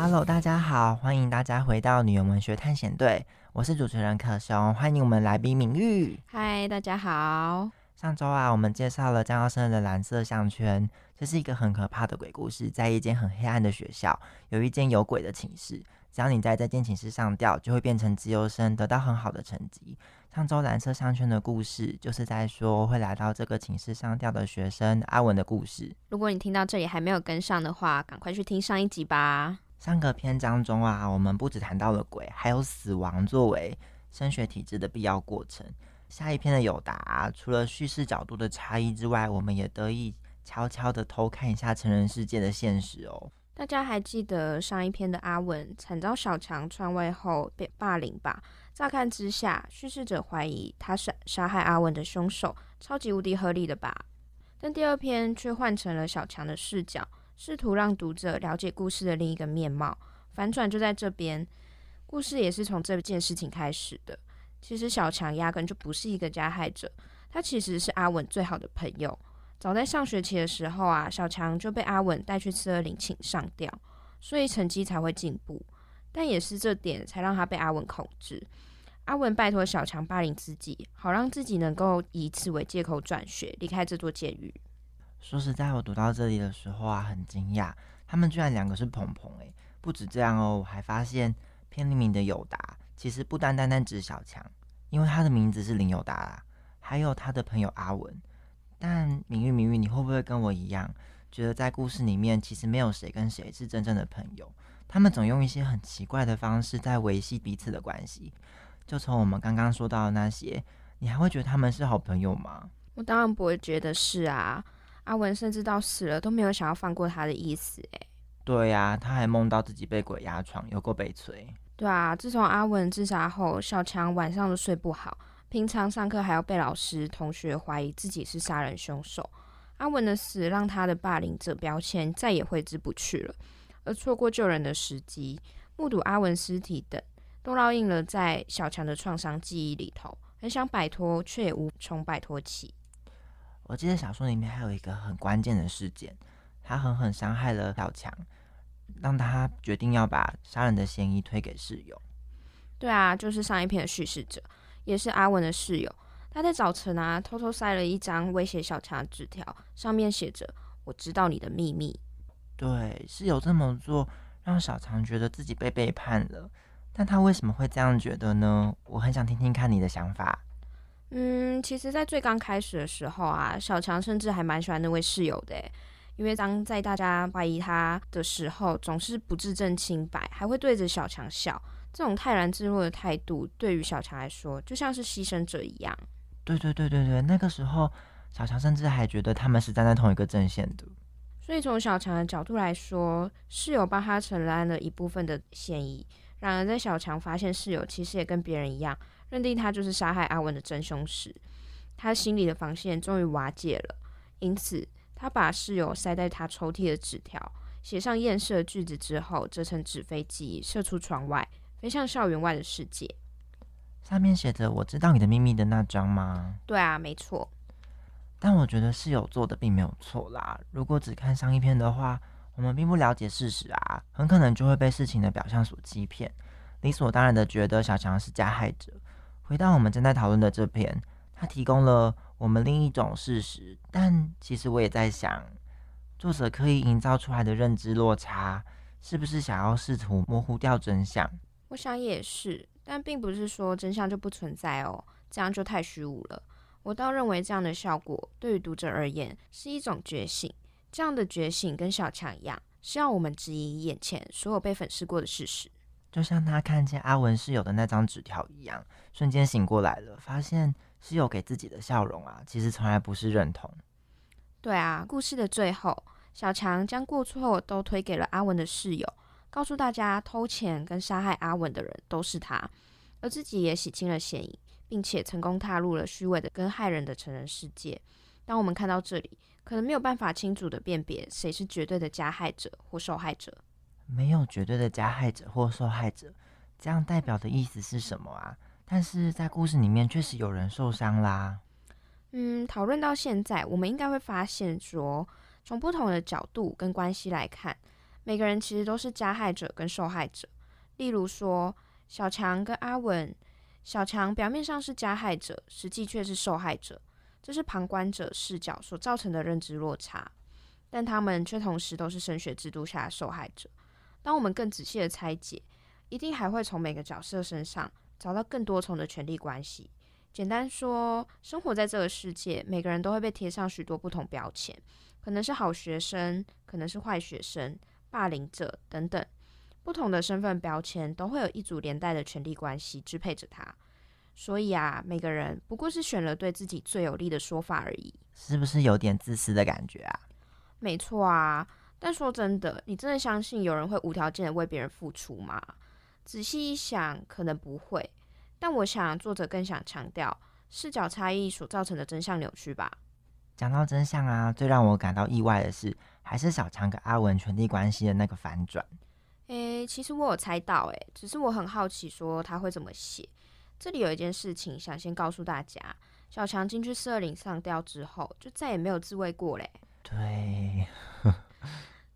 Hello，大家好，歡迎大家回到女研文學探險隊。我是主持人可熊，歡迎我們來賓明玉。嗨，大家好。上周啊，我們介紹了張耀升的藍色項圈，這是一個很可怕的鬼故事。在一間很黑暗的學校，有一間有鬼的寢室，只要你在這間寢室上吊，就會變成自由生，得到很好的成績。上周藍色項圈的故事，就是在說會來到這個寢室上吊的學生阿文的故事。如果你聽到這裡還沒有跟上的話，趕快去聽上一集吧。上個篇章中啊，我們不只談到了鬼，還有死亡作為升學體制的必要過程。下一篇的友達啊，除了敘事角度的差異之外，我們也得以悄悄的偷看一下成人世界的現實哦。大家還記得上一篇的阿文慘遭小強篡位後被霸凌吧？乍看之下，敘事者懷疑他是殺害阿文的凶手，超級無敵合理的吧？但第二篇卻換成了小強的視角。試圖讓讀者了解故事的另一個面貌，反轉就在這邊。故事也是從這件事情開始的。其實小強壓根就不是一個加害者，他其實是阿文最好的朋友。早在上學期的時候啊，小強就被阿文帶去四二零請上吊，所以成績才會進步。但也是這點才讓他被阿文控制。阿文拜託小強霸凌自己，好讓自己能夠以此為借口轉學，離開這座監獄。說實在，我讀到這裡的時候啊，很驚訝，他們居然兩個是朋朋。誒，不止這樣哦，我還發現片裡面的友達其實不單單單指小強，因為他的名字是林友達啦，還有他的朋友阿文。但明玉、明玉，你會不會跟我一樣，覺得在故事裡面其實沒有誰跟誰是真正的朋友？他們總用一些很奇怪的方式在維繫彼此的關係。就從我們剛剛說到的那些，你還會覺得他們是好朋友嗎？我當然不會覺得是啊。阿文甚至到死了都沒有想要放過他的意思。欸，哎，對呀、啊，他還夢到自己被鬼壓床，有夠悲催。對啊，自從阿文自殺後，小強晚上都睡不好，平常上課還要被老師同學懷疑自己是殺人兇手。阿文的死讓他的霸凌者標籤再也揮之不去了，了而錯過救人的時機、目睹阿文屍體等，都烙印了在小強的創傷記憶裡頭，很想擺脫卻也無從擺脫起。我記得小說裡面還有一個很關鍵的事件，他狠狠傷害了小強，讓他決定要把殺人的嫌疑推給室友。對啊，就是上一篇的敘事者，也是阿文的室友。他在早晨啊，偷偷塞了一張威脅小強的紙條，上面寫着：“我知道你的秘密。”對，室友這麼做，讓小強覺得自己被背叛了。但他為什麼會這樣覺得呢？我很想聽聽看你的想法。嗯，其實，在最剛開始的時候啊，小強甚至還蠻喜歡那位室友的，因為當在大家懷疑他的時候，總是不自證清白，還會對着小強笑，這種泰然自若的態度，對於小強來說，就像是犧牲者一樣。對對對對對，那個時候，小強甚至還覺得他們是站在同一個陣線的。所以從小強的角度來說，室友幫他承擔了一部分的嫌疑。然而，在小強發現室友其實也跟別人一樣。認定他就是殺害阿文的真兇時，他心裡的防線終於瓦解了。因此，他把室友塞在他抽屜的紙條，寫上厭世的句子之後，折成紙飛機射出窗外，飛向校園外的世界。上面寫着“我知道你的秘密”的那張嗎？對啊，沒錯。但我覺得室友做的並沒有錯啦。如果只看上一篇的話，我們並不了解事實啊，很可能就會被事情的表象所欺騙，理所當然的覺得小強是加害者。回到我們正在討論的這篇，它提供了我們另一種事實，但其實我也在想，作者刻意營造出來的認知落差，是不是想要試圖模糊掉真相？我想也是，但並不是說真相就不存在哦，這樣就太虛無了。我倒認為這樣的效果對於讀者而言是一種覺醒，這樣的覺醒跟小強一樣，是要我們質疑眼前所有被粉飾過的事實。就像他看見阿文室友的那張紙條一樣，瞬間醒過來了，發現室友給自己的笑容啊，其實從來不是認同。對啊，故事的最後，小強將過錯都推給了阿文的室友，告訴大家偷錢跟殺害阿文的人都是他，而自己也洗清了嫌疑，並且成功踏入了虛偽的跟害人的成人世界。當我們看到這裡，可能沒有辦法清楚地辨別誰是絕對的加害者或受害者。沒有絕對的加害者或受害者，這樣代表的意思是什麼啊？但是在故事裡面確實有人受傷啦。嗯，討論到現在，我們應該會發現說，從不同的角度跟關係來看，每個人其實都是加害者跟受害者。例如說，小強跟阿文，小強表面上是加害者，實際卻是受害者，這是旁觀者視角所造成的認知落差，但他們卻同時都是升學制度下的受害者。當我們更仔細的拆解，一定還會從每個角色身上找到更多重的權力關係。簡單說，生活在這個世界，每個人都會被貼上許多不同標籤，可能是好學生，可能是壞學生、霸凌者等等。不同的身份標籤都會有一組連帶的權力關係支配着他。所以啊，每個人不過是選了對自己最有利的說法而已。是不是有點自私的感覺啊？沒錯啊。但說真的，你真的相信有人會無條件的為別人付出嗎？仔細一想，可能不會。但我想作者更想強調視角差異所造成的真相扭曲吧。講到真相啊，最讓我感到意外的是，還是小強跟阿文權力關係的那個反轉。哎、欸，其實我有猜到哎、欸，只是我很好奇說他會怎麼寫。這裡有一件事情想先告訴大家：小強進去420上吊之後，就再也沒有自慰過嘞、欸。對。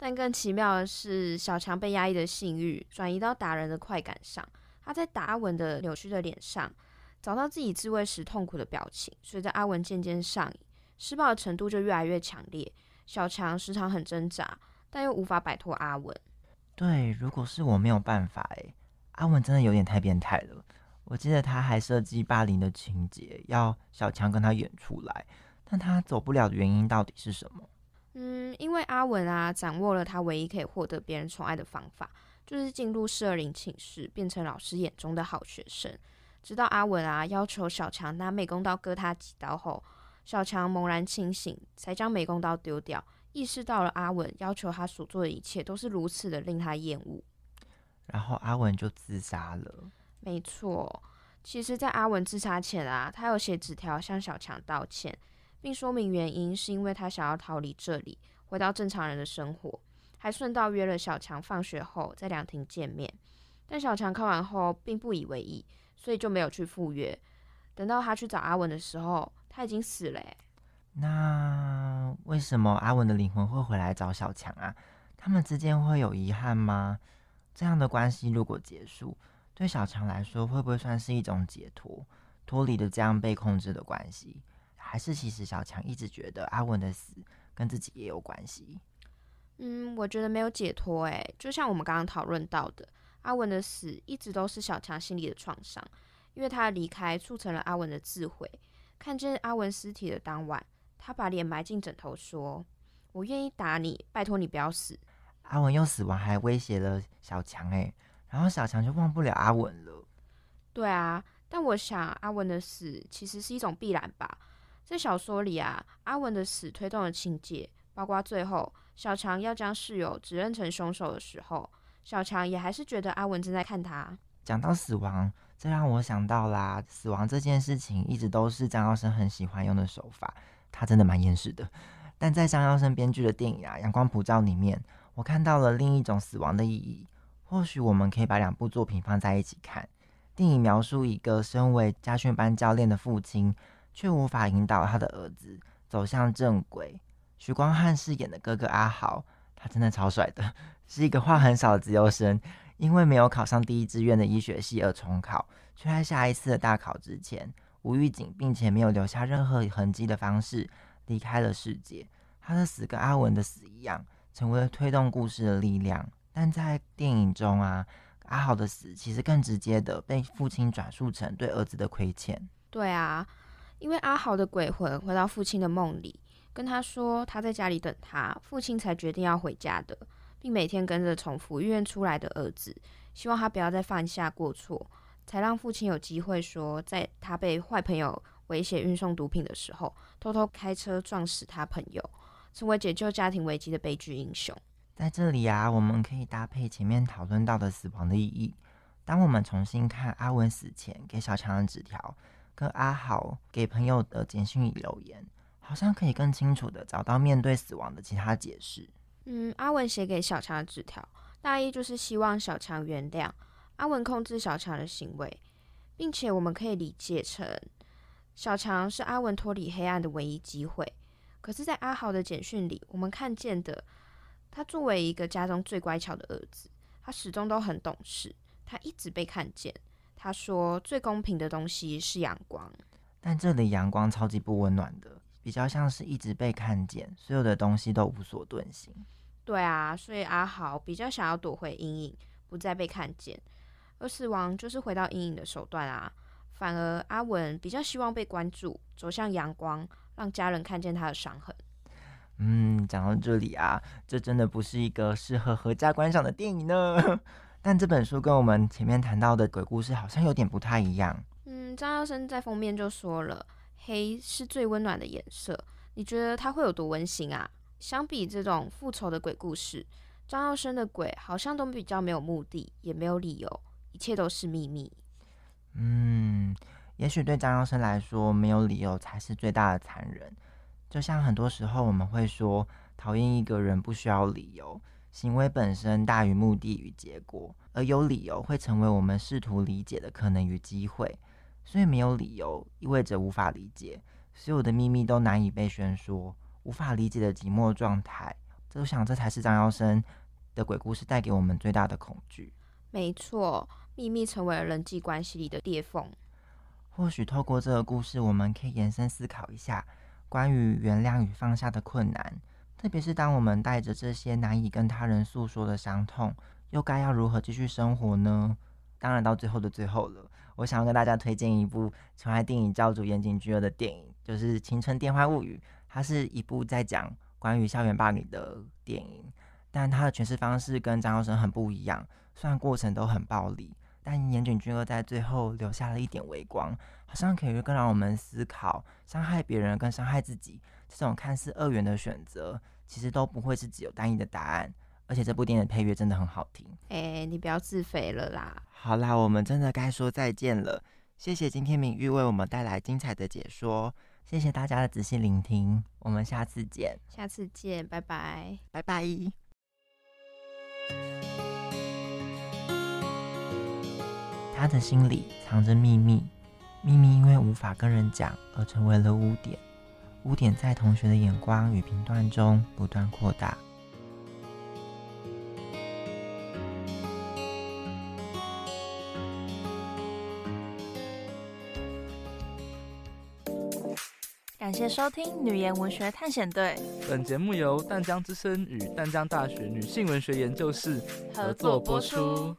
但更奇妙的是，小強被壓抑的性欲轉移到打人的快感上。他在打阿文的扭曲的臉上，找到自己自慰時痛苦的表情，隨着阿文漸漸上癮，施暴的程度就越來越強烈。小強時常很掙扎，但又無法擺脫阿文。對，如果是我沒有辦法欸，哎，阿文真的有點太變態了。我記得他還設計霸凌的情節，要小強跟他演出來，但他走不了的原因到底是什麼？嗯，因為阿文啊，掌握了他唯一可以獲得別人寵愛的方法，就是進入420寢室，變成老師眼中的好學生。直到阿文啊要求小強拿美工刀割他幾刀後，小強猛然清醒，才將美工刀丟掉，意識到了阿文要求他所做的一切都是如此的令他厭惡。然後阿文就自殺了。沒錯，其實，在阿文自殺前啊，他有寫紙條向小強道歉。並說明原因，是因為他想要逃離這裡，回到正常人的生活，還順道約了小強放學後在涼亭見面。但小強看完後並不以為意，所以就沒有去赴約。等到他去找阿文的時候，他已經死了、欸。那為什麼阿文的靈魂會回來找小強啊？他們之間會有遺憾嗎？這樣的關係如果結束，對小強來說會不會算是一種解脫，脫離了這樣被控制的關係？還是其實小強一直覺得阿文的死跟自己也有關係。嗯，我覺得沒有解脫哎，就像我們剛剛討論到的，阿文的死一直都是小強心裡的創傷，因為他的離開促成了阿文的自毀，看見阿文屍體的當晚，他把臉埋進枕頭，說：“我願意打你，拜托你不要死。”阿文用死亡還威脅了小強哎，然後小強就忘不了阿文了。對啊，但我想阿文的死其實是一種必然吧。在小說裡啊，阿文的死推動了情節，包括最後小強要將室友指認成凶手的時候，小強也還是覺得阿文正在看他。講到死亡，這讓我想到啦，死亡這件事情一直都是張耀升很喜歡用的手法，他真的蠻厭世的。但在張耀升編劇的電影啊，《陽光普照》裡面，我看到了另一種死亡的意義。或許我們可以把兩部作品放在一起看。電影描述一個身為駕訓班教練的父親。卻無法引導他的兒子走向正軌。許光漢飾演的哥哥阿豪，他真的超帥的，是一個話很少的自由生，因為沒有考上第一志願的醫學系而重考，卻在下一次的大考之前無預警，並且沒有留下任何痕跡的方式離開了世界。他的死跟阿文的死一樣，成為了推動故事的力量。但在電影中啊，阿豪的死其實更直接的被父親轉述成對兒子的虧欠。對啊。因為阿豪的鬼魂回到父親的夢裡，跟他說他在家裡等他，父親才決定要回家的，並每天跟着從福利院出來的兒子，希望他不要再犯下過錯，才讓父親有機會說，在他被壞朋友威脅運送毒品的時候，偷偷開車撞死他朋友，成為解救家庭危機的悲劇英雄。在這裡啊，我們可以搭配前面討論到的死亡的意義。當我們重新看阿文死前給小強的紙條。跟阿豪給朋友的簡訊留言，好像可以更清楚地找到面對死亡的其他解釋。嗯，阿文寫給小強的紙條，大意就是希望小強原諒阿文控制小強的行為，並且我們可以理解成小強是阿文脫離黑暗的唯一機會。可是，在阿豪的簡訊裡，我們看見的他作為一個家中最乖巧的兒子，他始終都很懂事，他一直被看見。他說：“最公平的東西是陽光，但這裡陽光超級不溫暖的，比較像是一直被看見，所有的東西都無所遁形。對啊，所以阿豪比較想要躲回陰影，不再被看見，而死亡就是回到陰影的手段啊。反而阿文比較希望被關注，走向陽光，讓家人看見他的傷痕。嗯，講到這裡啊，這真的不是一個適合闔家觀賞的電影呢。”但這本書跟我們前面談到的鬼故事好像有點不太一樣。嗯，張耀升在封面就說了，黑是最溫暖的顏色。你覺得他會有多溫馨啊？相比這種復仇的鬼故事，張耀升的鬼好像都比較沒有目的，也沒有理由，一切都是秘密。嗯，也許對張耀升來說，沒有理由才是最大的殘忍。就像很多時候我們會說，討厭一個人不需要理由。行為本身大於目的與結果，而有理由會成為我們試圖理解的可能與機會。所以沒有理由意味着無法理解，所有的秘密都難以被宣說，無法理解的寂寞狀態。都想這才是張耀升的鬼故事帶給我們最大的恐懼。沒錯，秘密成為了人際關係裡的裂縫。或許透過這個故事，我們可以延伸思考一下關於原諒與放下的困難。特別是當我們帶着這些難以跟他人訴說的傷痛，又該要如何繼續生活呢？當然，到最後的最後了，我想要跟大家推薦一部純愛電影教主岩井俊二的電影，就是《青春電話物語》。它是一部在講關於校園霸凌的電影，但它的詮釋方式跟張耀升很不一樣。雖然過程都很暴力，但岩井俊二在最後留下了一點微光。好像可以更讓我們思考傷害別人跟傷害自己這種看似二元的選擇，其實都不會是只有單一的答案。而且這部電影的配樂真的很好聽。哎、欸，你不要自肥了啦！好啦，我們真的該說再見了。謝謝今天明玉為我們帶來精彩的解說，謝謝大家的仔細聆聽，我們下次見，下次見，拜拜，拜拜。他的心裡藏着祕密。祕密因為無法跟人講而成為了污點，污點在同學的眼光與評斷中不斷擴大。感謝收聽女研文學探險隊。本節目由淡江之聲與淡江大學女性文學研究室合作播出。